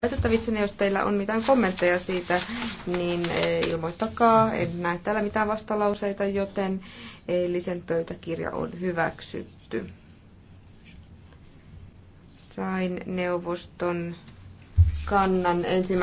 käytettävissä, niin jos teillä on mitään kommentteja siitä, niin eh, ilmoittakaa. En näe täällä mitään vastalauseita, joten eilisen pöytäkirja on hyväksytty. Sain neuvoston kannan ensimmäisen